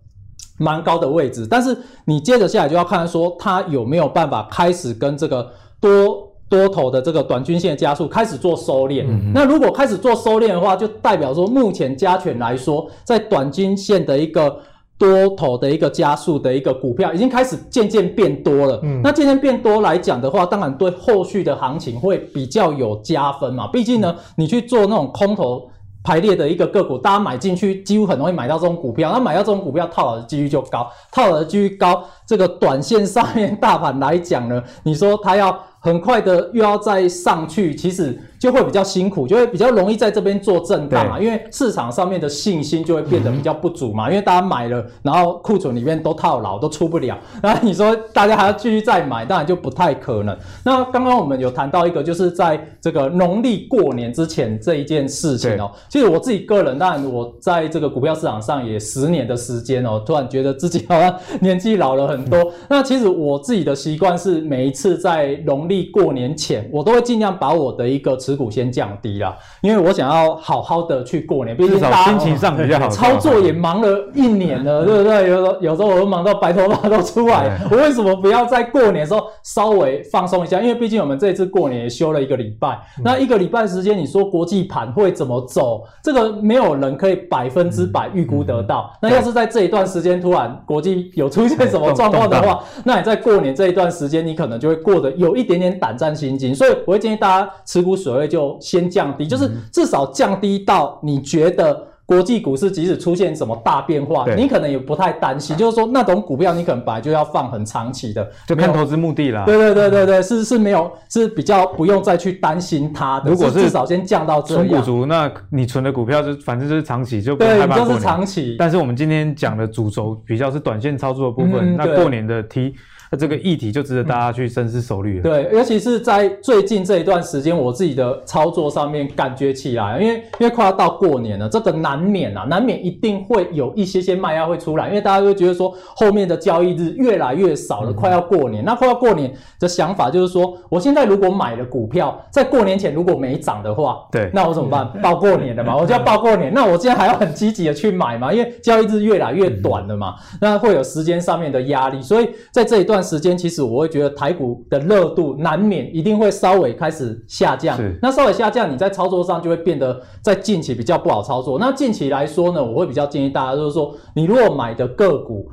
蠻高的位置，但是你接着下來就要看，看說它有沒有辦法開始跟這個多。多頭的這個短均線加速開始做收斂，嗯嗯那如果開始做收斂的話，就代表說目前加權來說，在短均線的一個多頭的一個加速的一個股票，已經開始漸漸變多了。嗯，那漸漸變多來講的話，當然對後續的行情會比較有加分嘛。畢竟呢，嗯、你去做那種空頭排列的一個個股，大家買進去幾乎很容易買到這種股票，那、啊、買到這種股票套牢的幾率就高，套牢的幾率高。這個短線上面大盤來講呢，你說它要。很快的又要再上去，其實。就會比較辛苦，就會比較容易在這邊做震盪啊，對因為市場上面的信心就會變得比較不足嘛。嗯、因為大家買了，然後庫存裡面都套牢，都出不了。那你說大家還要繼續再買，當然就不太可能。那剛剛我們有談到一個，就是在這個農曆過年之前這一件事情哦。對其實我自己個人，當然我在這個股票市場上也十年的時間哦，突然覺得自己好像年紀老了很多。嗯、那其實我自己的習慣是，每一次在農曆過年前，我都會儘量把我的一個。持股先降低啦，因為我想要好好的去過年，畢竟大家心情上比較好，操作也忙了一年了，嗯、對不對？有時候有時候我都忙到白頭髮都出來，嗯、我為什麼不要在過年的時候稍微放鬆一下？因為畢竟我們這一次過年也休了一個禮拜，嗯、那一個禮拜時間，你說國際盤會怎麼走？這個沒有人可以百分之百預估得到。嗯嗯、那要是在這一段時間突然國際有出現什麼狀況的話，嗯、那你在過年這一段時間，你可能就會過得有一點點膽戰心驚。所以我會建議大家持股所。所以就先降低，就是至少降低到你覺得國際股市即使出現什麼大變化，對你可能也不太擔心。就是說那種股票，你可能本來就要放很長期的，沒就沒有投資目的啦。對對對對對，嗯、是是沒有，是比較不用再去擔心它的。如果是至少先降到這樣，存股族，那你存的股票就反正就是長期，就對，都是長期。但是我們今天講的主軸比較是短線操作的部分，嗯、那過年的 T。那這個議題就值得大家去深思熟慮了。嗯、對，尤其是在最近這一段時間，我自己的操作上面感覺起來，因為因為快要到過年了，這個難免啊，難免一定會有一些些賣壓會出來，因為大家會覺得說後面的交易日越來越少了，嗯、快要過年，那快要過年的想法就是說，我現在如果買了股票在過年前如果沒漲的話，對，那我怎麼辦？抱過年的嘛，我就要抱過年， 那我今天還要很積極的去買嘛，因為交易日越來越短了嘛，嗯、那會有時間上面的壓力，所以在這一段。時間，其實我會覺得台股的熱度難免一定會稍微開始下降是，那稍微下降，你在操作上就會變得在近期比較不好操作。那近期來說呢，我會比較建議大家就是說，你如果買的個股。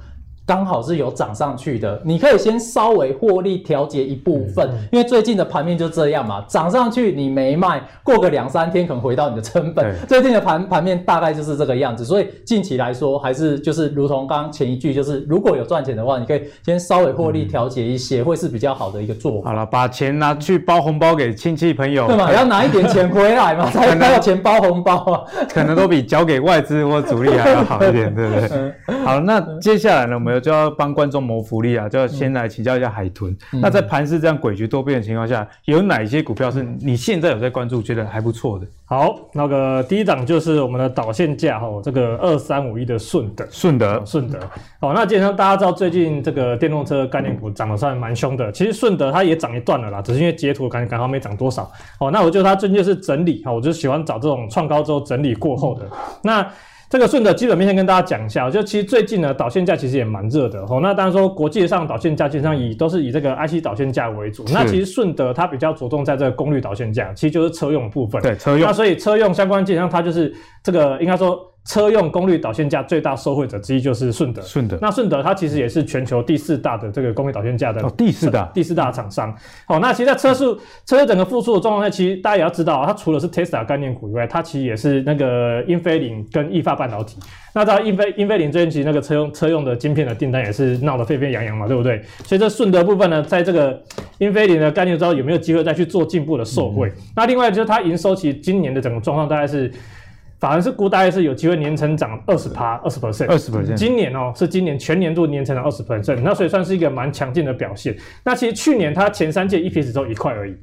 剛好是有漲上去的，你可以先稍微獲利調節一部分，嗯、因為最近的盤面就這樣嘛，漲上去你沒賣，過個兩三天可能回到你的成本。嗯、最近的盤盤面大概就是這個樣子，所以近期來說還是就是如同剛前一句，就是如果有賺錢的話，你可以先稍微獲利調節一些，嗯、會是比較好的一個做法。好了，把錢拿去包紅包給親戚朋友，對嘛？哎、要拿一點錢回來嘛，能才有錢包紅包啊，可能都比交給外資或主力還要好一點，對不對？嗯、好，那接下來呢，嗯、我們。就要幫觀眾謀福利啊！就要先來請教一下海豚。嗯、那在盤勢這樣詭譎多變的情況下，嗯、有哪一些股票是你現在有在關注，覺得還不錯的？好，那個第一檔就是我們的導線架吼、喔，這個二三五一的順德，順德，順、哦、德。好、喔，那基本上大家知道，最近這個電動車概念股漲得算蠻兇的。其實順德它也漲一段了啦，只是因為截圖感覺剛好沒漲多少。好、喔，那我就它最近就是整理哈、喔，我就喜歡找這種創高之後整理過後的，嗯、的那。這個順德基本面先跟大家講一下，就其實最近呢導線架其實也蠻熱的哦。那當然說國際上導線架基本上以都是以這個 IC 導線架為主。是那其實順德它比較着重在這個功率導線架，其實就是車用的部分。對，車用。那所以車用相關基本上它就是。這個應該說，車用功率導線架最大受惠者之一就是順德。順德，那順德它其實也是全球第四大的這個功率導線架的、哦、第四大第四大廠商。好、哦，那其實在車速車數整個復蘇的狀況呢，其實大家也要知道、哦，它除了是 Tesla 概念股以外，它其實也是那個英飛凌跟意法半導體。那在英飛英飛凌最近其實那個車用車用的晶片的訂單也是鬧得沸沸揚揚嘛，對不對？所以這順德部分呢，在這個英飛凌的概念，不知道有沒有機會再去做進步的受惠。嗯、那另外就是它營收，其實今年的整個狀況大概是。反而是估，大概是有機會年成長二十趴，二十 percent，二十 percent。今年哦，是今年全年度年成長二十 percent，那所以算是一個蠻強勁的表現。那其實去年它前三季 EPS 只收一塊而已。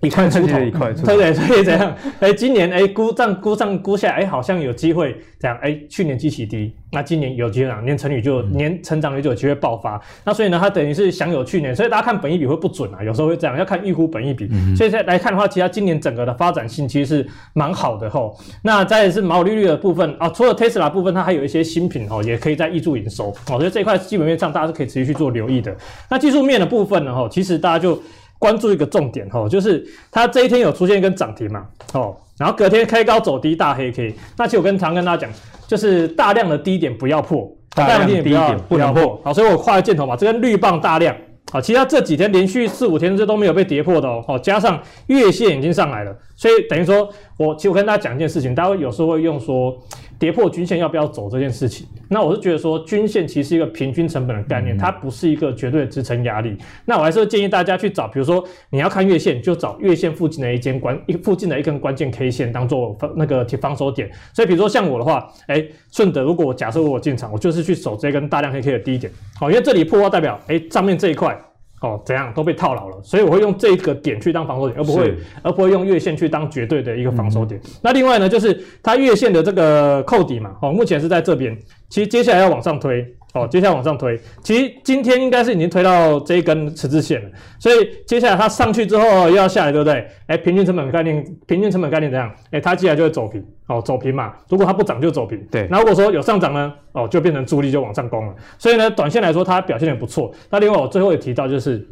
一塊出頭，一出頭對不對，對？所以怎樣、欸欸、這樣，誒今年誒估上估估下來，誒、欸、好像有機會這樣。誒、欸、去年基期低，那今年有會、啊、成語就年、嗯、成長率就有機會爆發。那所以呢，它等於是享有去年。所以大家看本益比會不準啊，有時候會這樣，要看預估本益比。嗯、哼所以再來看的話，其實它今年整個的發展性其實是蠻好的齁。那再是毛利率的部分啊、哦，除了 Tesla 部分，它還有一些新品哦，也可以在挹注營收。我覺得這塊基本面上大家是可以持續去做留意的。那技術面的部分呢，齁，其實大家就。關注一個重點哈、哦，就是它這一天有出現一根漲停嘛，哦，然後隔天開高走低，大黑 K。那其實我跟常跟大家講，就是大量的低點不要破，大量低點，大量低點不要破。不要破。好，所以我畫個箭頭嘛，這根綠棒大量啊、哦，其他這幾天連續四五天這都沒有被跌破的哦，哦，加上月線已經上來了，所以等於說我其實我跟大家講一件事情，大家有時候會用說。跌破均線要不要走這件事情，那我是覺得說均線其實是一個平均成本的概念，嗯啊、它不是一個絕對的支撐壓力。那我還是建議大家去找，比如說你要看月線，就找月線附近的一間關一附近的一根關鍵 K 線當做那個防守點。所以比如說像我的話，哎、欸，順德如果假設我進場，我就是去守這一根大量黑 K 的低點，好，因為這裡破話代表哎、欸、上面這一塊。哦，怎樣都被套牢了，所以我會用這一個點去當防守點，而不會是而不會用月線去當絕對的一個防守點。嗯嗯，那另外呢，就是它月線的這個扣底嘛，哦，目前是在這邊，其實接下來要往上推。哦，接下來往上推，其實今天應該是已經推到這一根十字線了，所以接下來它上去之後又要下來，對不對？哎、欸，平均成本概念，平均成本概念這樣？哎、欸，它接下來就會走平，哦，走平嘛。如果它不漲就走平，對。那如果說有上漲呢，哦，就變成主力就往上攻了。所以呢，短線來說它表現得不錯。那另外我最後也提到，就是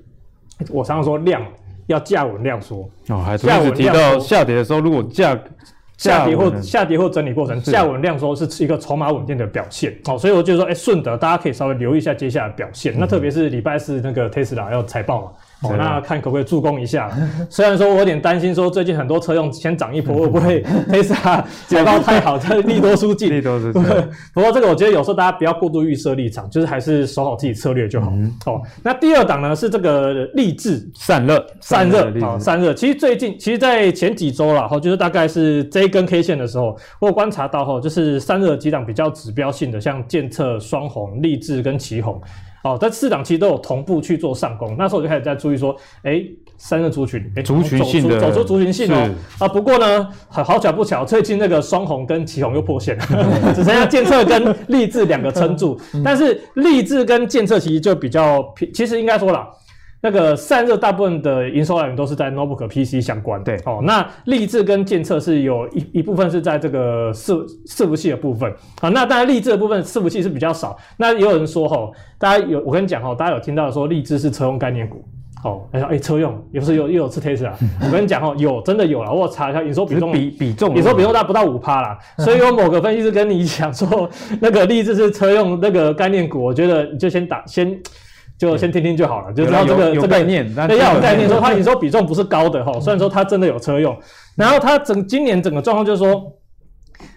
我常常說量要價穩量縮哦，還是下跌的時候如果價。下跌或下跌或整理過程是下穩量說是一個籌碼穩定的表現，好、喔，所以我就說，哎、欸，順德大家可以稍微留意一下接下來表現，嗯、哼那特別是禮拜四那個 Tesla 要財報嘛。好、哦、那看可不可以助攻一下？雖然說，我有點擔心，說最近很多車用先漲一波，會不會黑市啊解套太好？這利 多出盡利多出盡不，不過這個，我覺得有時候大家不要過度預設立場，就是還是守好自己策略就好。嗯、哦，那第二檔呢是這個力致散熱散熱散熱，好散熱。其實最近，其實，在前幾周了，哈，就是大概是這一根 K 線的時候，我觀察到，哈，就是散熱幾檔比較指標性的，像健策雙鴻、力致跟奇鋐。哦，在市場其實都有同步去做上攻，那時候我就開始在注意說，哎、欸，三個族群，哎、欸，族群性走，走出族群性統、哦、是啊，不過呢，好巧不巧，最近那個雙鴻跟奇鋐又破線了， 只剩下健策跟力致兩個撐住， 但是力致跟健策其實就比較，其實應該說啦那個散熱大部分的營收來源都是在 notebook PC 相關，對哦。那力致跟監測是有一一部分是在這個伺、伺服器的部分啊。那當然力致的部分伺服器是比較少。那也有人說哦，大家有我跟你講哦，大家有聽到說力致是車用概念股哦，誒、欸、車用，有不是有又有吃 Tesla 我跟你講哦，有真的有了，我有查一下營收比重，比比重營收比重大概不到五趴啦。 所以有某個分析師跟你講說，那個力致是車用那個概念股，我覺得你就先打先。就先聽聽就好了，對就知道這個這個概念。要有，有，有概念，這個、有概念說它你說比重不是高的哈，嗯、雖然說它真的有車用，然後它整今年整個狀況就是說。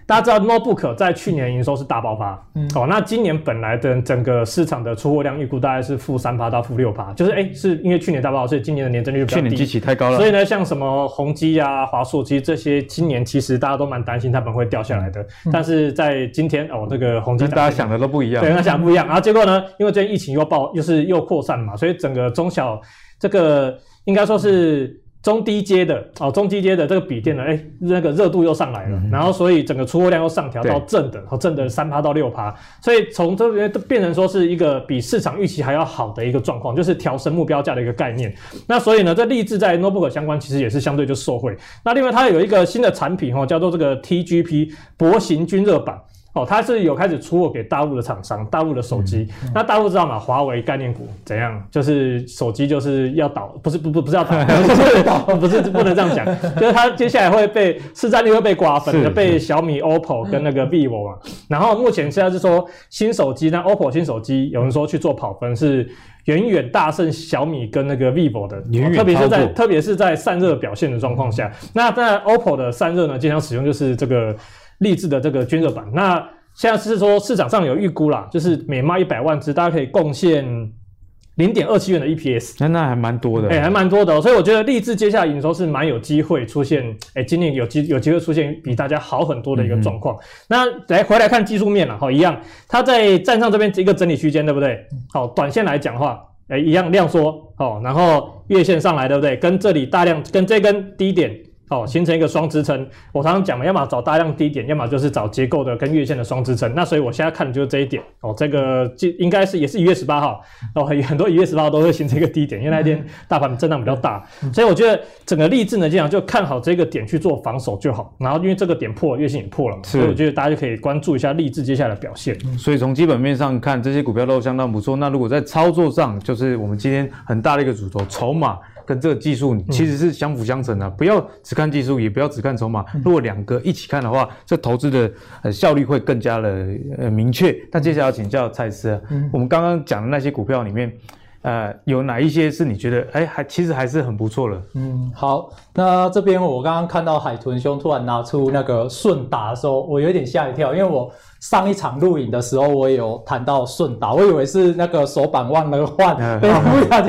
大家知道，notebook 在去年營收是大爆發，嗯，哦，那今年本來的整個市場的出貨量預估大概是負三趴到負六趴，就是誒、欸、是因為去年大爆發，所以今年的年增率就比較低，去年基期太高了。所以呢，像什麼宏基啊、華碩，其實這些今年其實大家都蠻擔心它們會掉下來的，嗯、但是在今天哦，這個宏基大家想的都不一樣，對，大家想的不一樣，然後結果呢，因為最近疫情又爆，又是又擴散了嘛，所以整個中小這個應該說是。中低階的哦，中低階的這個筆電呢，哎、嗯欸，那個熱度又上來了，嗯、哼然後所以整個出貨量又上調到正的，哦對，正的三趴到六趴，所以從這邊變成說是一個比市場預期還要好的一個狀況，就是調升目標價的一個概念。那所以呢，這力致在 notebook 相關其實也是相對就受惠。那另外它有一個新的產品哦，叫做這個 TGP 薄型均熱板。哦，他是有開始出貨給大陸的廠商，大陸的手機。嗯、那大陸知道嗎？華為概念股怎樣？就是手機就是要倒，不是不不不是要倒， 不是， 不是，不能這樣講。就是他接下來會被市占率會被瓜分就被小米、OPPO 跟那個 vivo 嘛。然後目前現在是說新手機，那 OPPO 新手機有人說去做跑分是遠遠大勝小米跟那個 vivo 的，遠遠哦、特別是在特別是在散熱表現的狀況下。嗯、那在 OPPO 的散熱呢，經常使用就是這個。力致的這個均熱板，那現在是說市場上有預估啦，就是每賣一百萬只，大家可以貢獻零點二七元的 EPS，那那還蠻多的，誒、欸、還蠻多的，喔，所以我覺得力致接下來營收是蠻有機會出現，誒、欸、今年有機有機會出現比大家好很多的一個狀況。嗯嗯那來、欸、回來看技術面了哈、喔，一樣，它在站上這邊一個整理區間，對不對？好、喔，短線來講的話，誒、欸、一樣量縮，好、喔，然後月線上來，對不對？跟這裡大量，跟這一根低點。哦，形成一個雙支撐。我常常講嘛，要麼找大量低點，要麼就是找結構的跟月線的雙支撐。那所以我現在看的就是這一點。哦，這個就應該是也是一月十八號，哦，很多一月十八號都會形成一個低點，因為那天大盤震盪比較大。 所以我覺得整個力致呢，就講就看好這個點去做防守就好。然後因為這個點破了，月線也破了，所以我覺得大家就可以關注一下力致接下來的表現。所以從基本面上看，這些股票都相當不錯。那如果在操作上，就是我們今天很大的一個主軸籌碼。跟這個技術，其實是相輔相成的，啊。嗯、不要只看技術，也不要只看籌碼。嗯、如果兩個一起看的話，這投資的效率會更加的明確。嗯、那接下來請教蔡司啊，嗯、我們剛剛講的那些股票裡面，呃，有哪一些是你覺得，哎、欸，還其實還是很不錯的？嗯，好，那這邊我剛剛看到海豚兄突然拿出那個順達的時候，我有點嚇一跳，因為我。嗯上一場錄影的時候，我也有談到順德。我以為是那個手板忘了換，哎，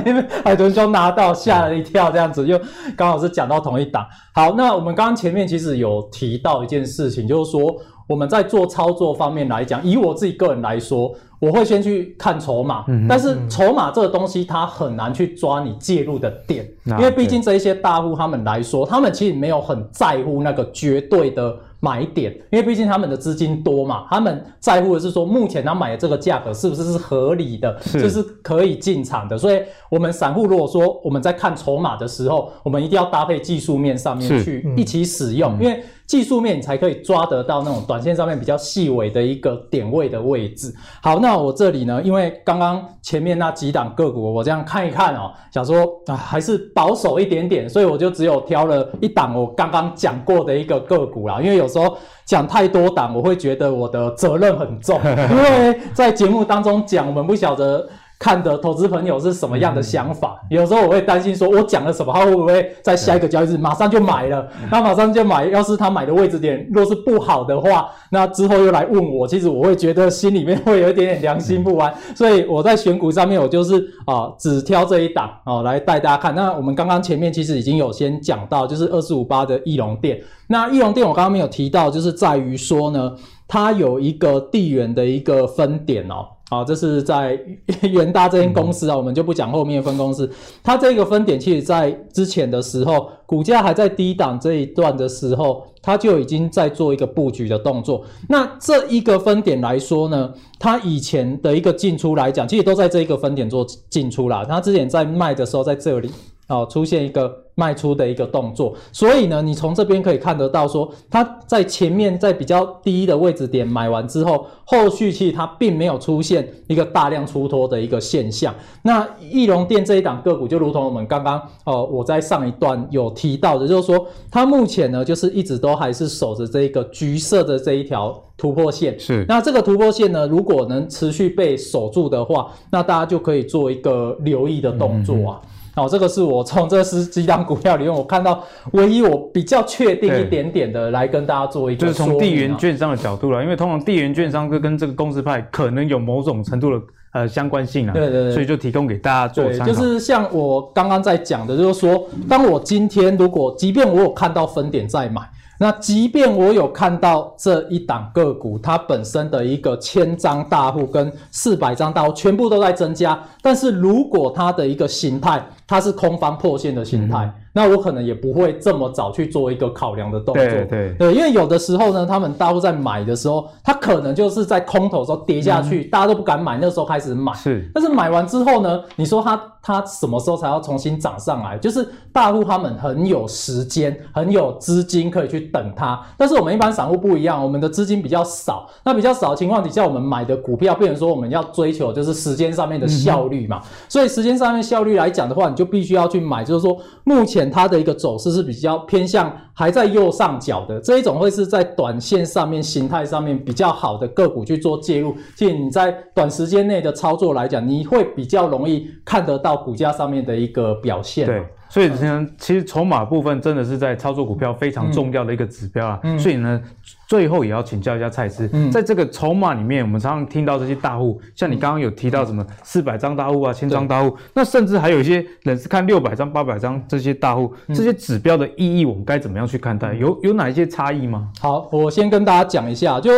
不，海豚兄拿到，嚇了一跳，這樣子就剛 Yeah. 好是講到同一檔。好，那我們剛剛前面其實有提到一件事情，就是說我們在做操作方面來講，以我自己個人來說，我會先去看籌碼，mm hmm. 但是籌碼這個東西，它很難去抓你介入的點，mm hmm. 因為畢竟這一些大戶他們來說，Okay. 他們其實沒有很在乎那個絕對的。買點，因為畢竟他們的資金多嘛，他們在乎的是說，目前他買的這個價格是不是是合理的，是就是可以進場的。所以，我們散戶如果說我們在看籌碼的時候，我們一定要搭配技術面上面去一起使用，嗯、因為。技術面你才可以抓得到那種短線上面比較細微的一個點位的位置。好，那我這裡呢，因為剛剛前面那幾檔個股，我這樣看一看哦，想說啊還是保守一點點，所以我就只有挑了一檔我剛剛講過的一個個股啦，因為有時候講太多檔，我會覺得我的責任很重，因為在節目當中講，我們不曉得。看的投資朋友是什麼樣的想法？嗯、有時候我會擔心，說我講了什麼，他會不會在下一個交易日馬上就買了？嗯、他馬上就買，要是他買的位置點若是不好的話，那之後又來問我，其實我會覺得心裡面會有一點點良心不安。嗯、所以我在選股上面，我就是啊、呃，只挑這一檔啊、呃，來帶大家看。那我們剛剛前面其實已經有先講到，就是二四五八的義隆電。那義隆電我剛剛沒有提到，就是在於說呢，它有一個地緣的一個分點哦。好，這是在元大這間公司啊，我們就不講後面分公司。嗯嗯，它這個分點，其實，在之前的時候，股價還在低檔這一段的時候，它就已經在做一個布局的動作。那這一個分點來說呢，它以前的一個進出來講，其實都在這一個分點做進出啦。它之前在賣的時候，在這裡。哦，出現一個賣出的一個動作，所以呢，你從這邊可以看得到說，說它在前面在比較低的位置點買完之後，後續期它並沒有出現一個大量出脫的一個現象。那義隆電這一檔個股，就如同我們剛剛哦，我在上一段有提到的，就是說它目前呢，就是一直都還是守着這個橘色的這一條突破線。是，那這個突破線呢，如果能持續被守住的話，那大家就可以做一個留意的動作啊。嗯嗯哦，這個是我從這十幾檔股票裡面，我看到唯一我比較確定一點點的，來跟大家做一個、啊，就是從地緣券商的角度啦，因為通常地緣券商跟這個公司派可能有某種程度的呃相關性啊，對對對，所以就提供給大家做參考。就是像我剛剛在講的，就是說，當我今天如果，即便我有看到分點在買，那即便我有看到這一檔個股，它本身的一個千張大戶跟四百張大戶全部都在增加，但是如果它的一個形態，它是空方破線的形態。嗯那我可能也不會這麼早去做一個考量的動作，對對對，因為有的時候呢，他們大戶在買的時候，他可能就是在空頭的時候跌下去，嗯、大家都不敢買，那時候開始買，是。但是買完之後呢，你說他他什麼時候才要重新漲上來？就是大戶他們很有時間，很有資金可以去等它。但是我們一般散戶不一樣，我們的資金比較少，那比較少的情況底下，我們買的股票，變成說我們要追求就是時間上面的效率嘛，嗯、哼所以時間上面效率來講的話，你就必須要去買，就是說目前。它的一個走勢是比較偏向還在右上角的這一種，會是在短線上面形態上面比較好的個股去做介入，建議你在短時間內的操作來講，你會比較容易看得到股價上面的一個表現。對。所以呢，其實籌碼部分真的是在操作股票非常重要的一個指標啊、嗯。所以呢，最後也要請教一下蔡司，嗯、在這個籌碼裡面，我們常常聽到這些大戶，像你剛剛有提到什麼四百張大戶啊、千張大戶，對那甚至還有一些人是看六百張、八百張這些大戶，嗯、這些指標的意義，我們該怎麼樣去看待？嗯、有有哪一些差異嗎？好，我先跟大家講一下，就。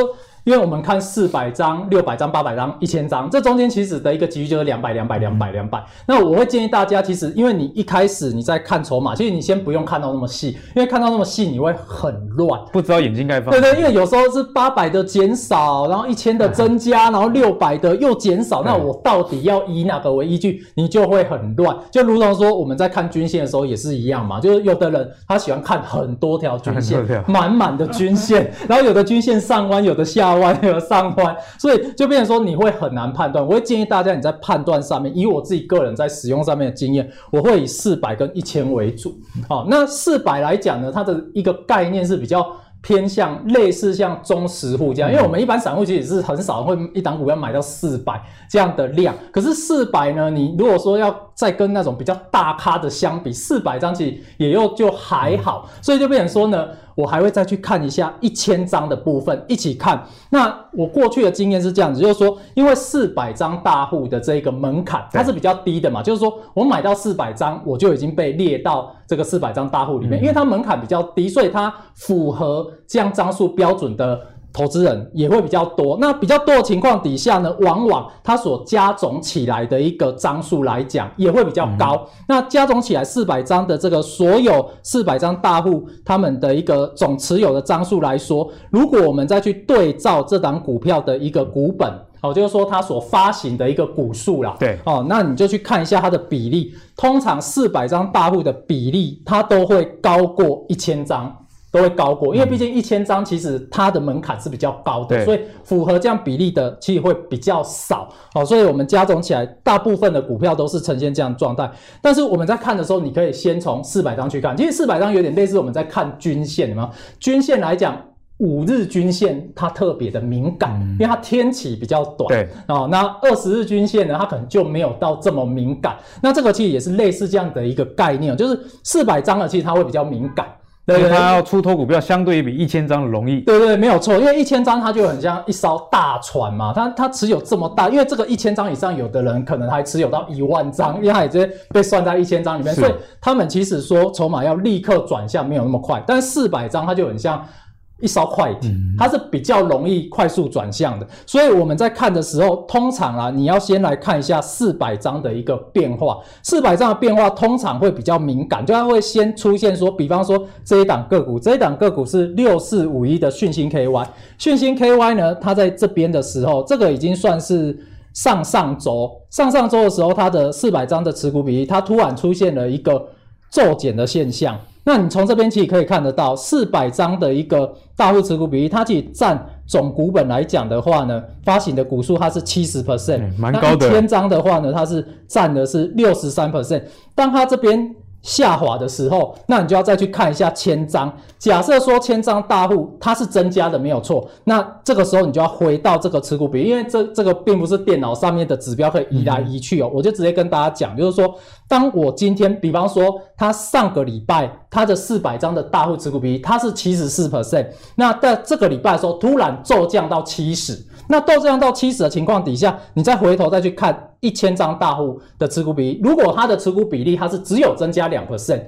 因為我們看四百張、六百張、八百張、一千張，這中間其實的一個幾率就是兩百、兩百、嗯、兩百、兩百。那我會建議大家，其實因為你一開始你在看籌碼，其實你先不用看到那麼細，因為看到那麼細你會很亂，不知道眼睛該放。對，對對，因為有時候是八百的減少，然後一千的增加，嗯、哼然後六百的又減少，嗯、哼那我到底要以哪個為依據？你就會很亂。就如同說我們在看均線的時候也是一樣嘛，嗯、就是有的人他喜歡看很多條均線，滿滿、啊、的均線，嗯、哼然後有的均線上彎，有的下彎。彎和 上彎，所以就變成說你會很難判斷。我會建議大家你在判斷上面，以我自己個人在使用上面的經驗，我會以四百跟一千為主。好、哦，那四百來講呢，它的一個概念是比較偏向類似像中實戶這樣，因為我們一般散戶其實也是很少人會一檔股要買到四百這樣的量。可是四百呢，你如果說要再跟那種比較大咖的相比，四百張其實也又就還好，所以就變成說呢。我還會再去看一下一千張的部分，一起看。那我過去的經驗是這樣子，就是說，因為四百張大戶的這個門檻對它是比較低的嘛，就是說我買到四百張，我就已經被列到這個四百張大戶裡面，嗯、因為它門檻比較低，所以它符合這樣張數標準的。投資人也會比較多，那比較多的情況底下呢，往往它所加總起來的一個張數來講也會比較高。嗯、那加總起來四百張的這個所有四百張大戶他們的一個總持有的張數來說，如果我們再去對照這檔股票的一個股本，好、嗯哦、就是說它所發行的一個股數啦，對，哦，那你就去看一下它的比例，通常四百張大戶的比例它都會高過一千張。都會高過，因為畢竟一千張，其實它的門檻是比較高的，嗯、所以符合這樣比例的其實會比較少、哦、所以我們加總起來，大部分的股票都是呈現這樣的狀態。但是我們在看的時候，你可以先從四百張去看，其實四百張有點類似我們在看均線，嘛，均線來講，五日均線它特別的敏感，嗯、因為它天期比較短啊對、哦。那二十日均線呢，它可能就沒有到這麼敏感。那這個其實也是類似這樣的一個概念，就是四百張的，其實它會比較敏感。所以它要出脫股票，相對比一千張容易，對對對對。對，對對，沒有錯，因為一千張它就很像一艘大船嘛，它它持有這麼大，因為這個一千張以上，有的人可能還持有到一萬張，因為他已經被算在一千張裡面，是所以他們其實說籌碼要立刻轉向，沒有那麼快，但是四百張它就很像。一燒快點，嗯、它是比較容易快速轉向的，所以我們在看的時候，通常啊，你要先來看一下四百張的一個變化。四百張的變化通常會比較敏感，就它會先出現說，比方說這一檔個股，這一檔個股是六四五一的訊星 KY，訊星 KY 呢，它在這邊的時候，這個已經算是上上周，上上周的時候，它的四百張的持股比例，它突然出現了一個驟減的現象。那你從這邊其實可以看得到，四百張的一個大戶持股比例，它其實占總股本來講的話呢，發行的股數它是七十 percent，蠻高的。那一千張的話呢，它是占的是六十三 percent。當它這邊下滑的時候，那你就要再去看一下千張。假設說千張大戶，它是增加的沒有錯，那這個時候你就要回到這個持股比例，因為這這個並不是電腦上面的指標可以移來移去哦、喔。嗯，我就直接跟大家講，就是說，當我今天，比方說。它上個禮拜它的四百張的大戶持股比例，它是七十四 percent，那在這個禮拜的時候突然驟降到七十，那驟降到七十的情況底下，你再回頭再去看一千張大戶的持股比例，如果它的持股比例它是只有增加兩 percent，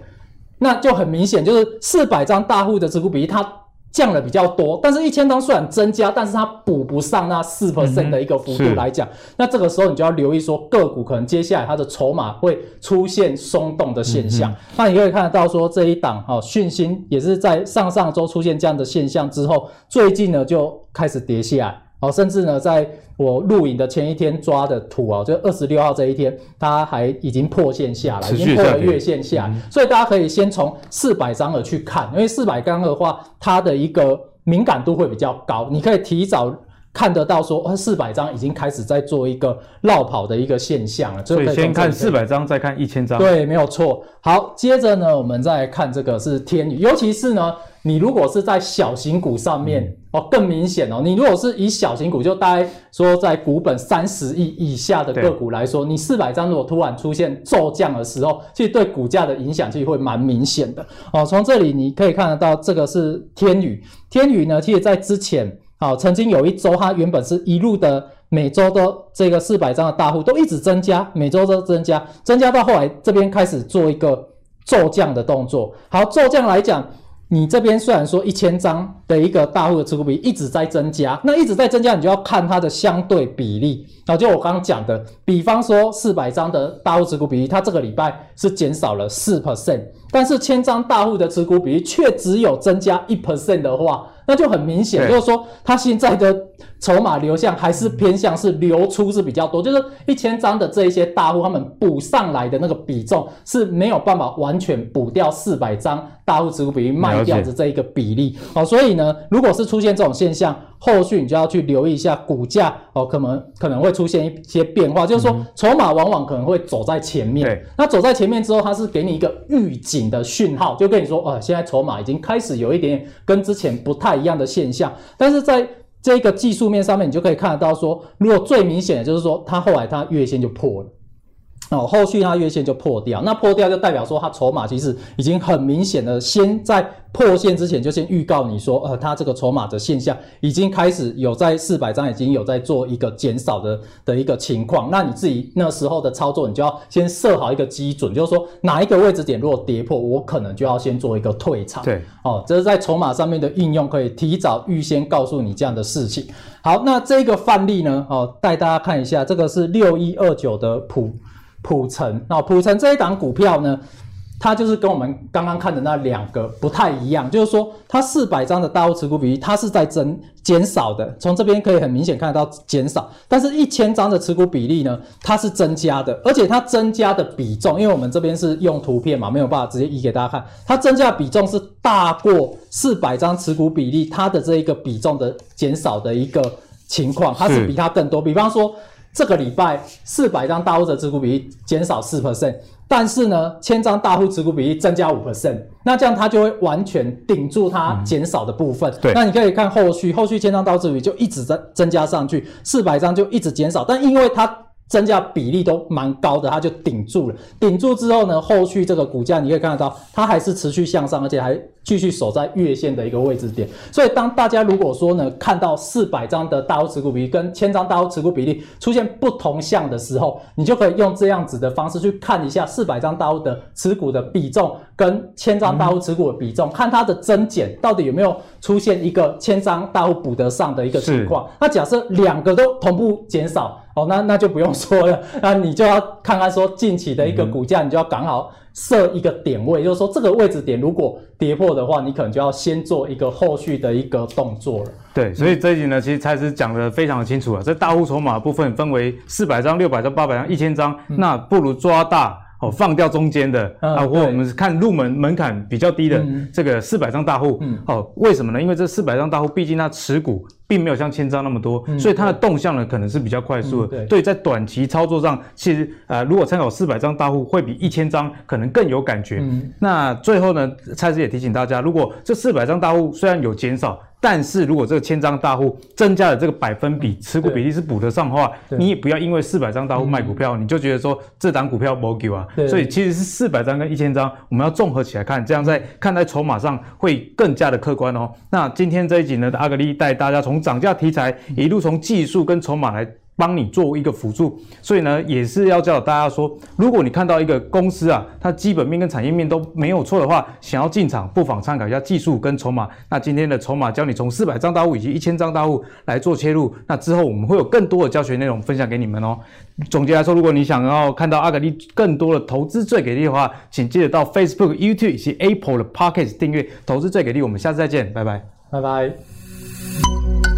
那就很明顯就是四百張大戶的持股比例它。降的比較多，但是一千張雖然增加，但是它補不上那四 percent 的一個幅度來講，嗯嗯那這個時候你就要留意說個股可能接下來它的籌碼會出現鬆動的現象。嗯、哼那你可以看得到說這一檔哦，訊息也是在上上週出現這樣的現象之後，最近呢就開始跌下來，哦、甚至呢在。我錄影的前一天抓的圖啊，就二十六號這一天，它還已經破線下了，下已經破了月線下來，嗯，所以大家可以先從四百張的去看，因為四百張的話，它的一個敏感度會比較高，你可以提早。看得到說，哦，四百張已經開始在做一個落跑的一個現象了，所以先看四百張,張，再看一千張。對，沒有錯。好，接着呢，我們再來看這個是天宇，尤其是呢，你如果是在小型股上面、嗯、哦，更明顯哦。你如果是以小型股，就大概說在股本三十億以下的個股來說，對你四百張如果突然出現驟降的時候，其實對股價的影響其實會蠻明顯的哦。從這裡你可以看得到，這個是天宇，天宇呢，其實在之前。好，曾經有一周，它原本是一路的，每周都這個四百張的大戶都一直增加，每周都增加，增加到後來這邊開始做一個驟降的動作。好，驟降來講，你這邊雖然說一千張的一個大戶的持股比例一直在增加，那一直在增加，你就要看它的相對比例。好，就我剛剛講的，比方說四百張的大戶持股比例，它這個禮拜是減少了四 percent。但是千張大戶的持股比例卻只有增加一 percent 的話，那就很明顯，就是說它現在的籌碼流向還是偏向是流出是比較多，就是一千張的這一些大戶他們補上來的那個比重是沒有辦法完全補掉四百張大戶持股比例賣掉的這一個比例了解 哦，所以呢，如果是出現這種現象，後續你就要去留意一下股價哦，可能可能會出現一些變化，就是說籌碼往往可能會走在前面，那走在前面之後，它是給你一個預警。的訊號就跟你說，呃、哦，現在籌碼已經開始有一點跟之前不太一樣的現象，但是在這個技術面上面，你就可以看得到說，如果最明顯的就是說，它後來它月線就破了。哦，後續它月線就破掉，那破掉就代表說它籌碼其實已經很明顯的先在破線之前就先預告你說，呃，它這個籌碼的現象已經開始有在四百張已經有在做一個減少的的一個情況，那你自己那時候的操作，你就要先設好一個基準，就是說哪一個位置點如果跌破，我可能就要先做一個退場。對，哦，這是在籌碼上面的應用，可以提早預先告訴你這樣的事情。好，那這個範例呢，哦，帶大家看一下，這個是六一二九的普普城，那普城這一檔股票呢，它就是跟我們剛剛看的那兩個不太一樣，就是說它四百張的大戶持股比例，它是在增減少的，從這邊可以很明顯看得到減少，但是一千張的持股比例呢，它是增加的，而且它增加的比重，因為我們這邊是用圖片嘛，沒有辦法直接移給大家看，它增加的比重是大過四百張持股比例，它的這一個比重的減少的一個情況，它是比它更多，比方說。這個禮拜四百張大戶的持股比例減少四 percent，但是呢，千張大戶持股比例增加五 percent，那這樣它就會完全頂住它減少的部分。嗯、對，那你可以看後續，後續千張大戶持股比例就一直在增加上去，四百張就一直減少，但因為它。增加比例都蠻高的，它就頂住了。頂住之後呢，後續這個股價你可以看得到，它還是持續向上，而且還繼續守在月線的一個位置點。所以，當大家如果說呢，看到四百張的大戶持股比例跟千張大戶持股比例出現不同向的時候，你就可以用這樣子的方式去看一下四百張大戶的持股的比重跟千張大戶持股的比重，嗯、看它的增減到底有沒有出現一個千張大戶補得上的一個情況。是那假設兩個都同步減少。哦，那那就不用說了，那你就要看看說近期的一個股價，嗯、你就要剛好設一個點位，就是說這個位置點如果跌破的話，你可能就要先做一個後續的一個動作了。對，所以這一集呢，嗯、其實蔡司講的非常的清楚啊。這大戶籌碼的部分分為四百張、六百張、八百張、一千張，嗯、那不如抓大。放掉中間的，啊，或者我們是看入門門檻比較低的這個四百張大戶，嗯、哦，為什麼呢？因為這四百張大戶畢竟它持股並沒有像千張那麼多，嗯、所以它的動向呢、嗯、可能是比較快速的。嗯、對，對，在短期操作上，其實啊、呃，如果參考四百張大戶，會比一千張可能更有感覺。嗯、那最後呢，蔡司也提醒大家，如果這四百張大戶雖然有減少。但是如果這個千張大戶增加了這個百分比持股比例是補得上的話，你也不要因為四百張大戶賣股票，你就覺得說這檔股票不夠啊。所以其實是四百張跟一千張，我們要綜合起來看，這樣在看待籌碼上會更加的客觀哦。那今天這一集呢，阿格力帶大家從漲價題材一路從技術跟籌碼來。幫你做一個輔助，所以呢，也是要教導大家說，如果你看到一個公司啊，它基本面跟產業面都沒有錯的話，想要進場，不妨參考一下技術跟籌碼。那今天的籌碼教你從四百張大戶以及一千張大戶來做切入，那之後我們會有更多的教學內容分享給你們哦。總結來說，如果你想要看到阿格力更多的投資最給力的話，請記得到 Facebook、YouTube 以及 Apple 的 Podcast 訂閱“投資最給力”。我們下次再見，拜拜，拜拜。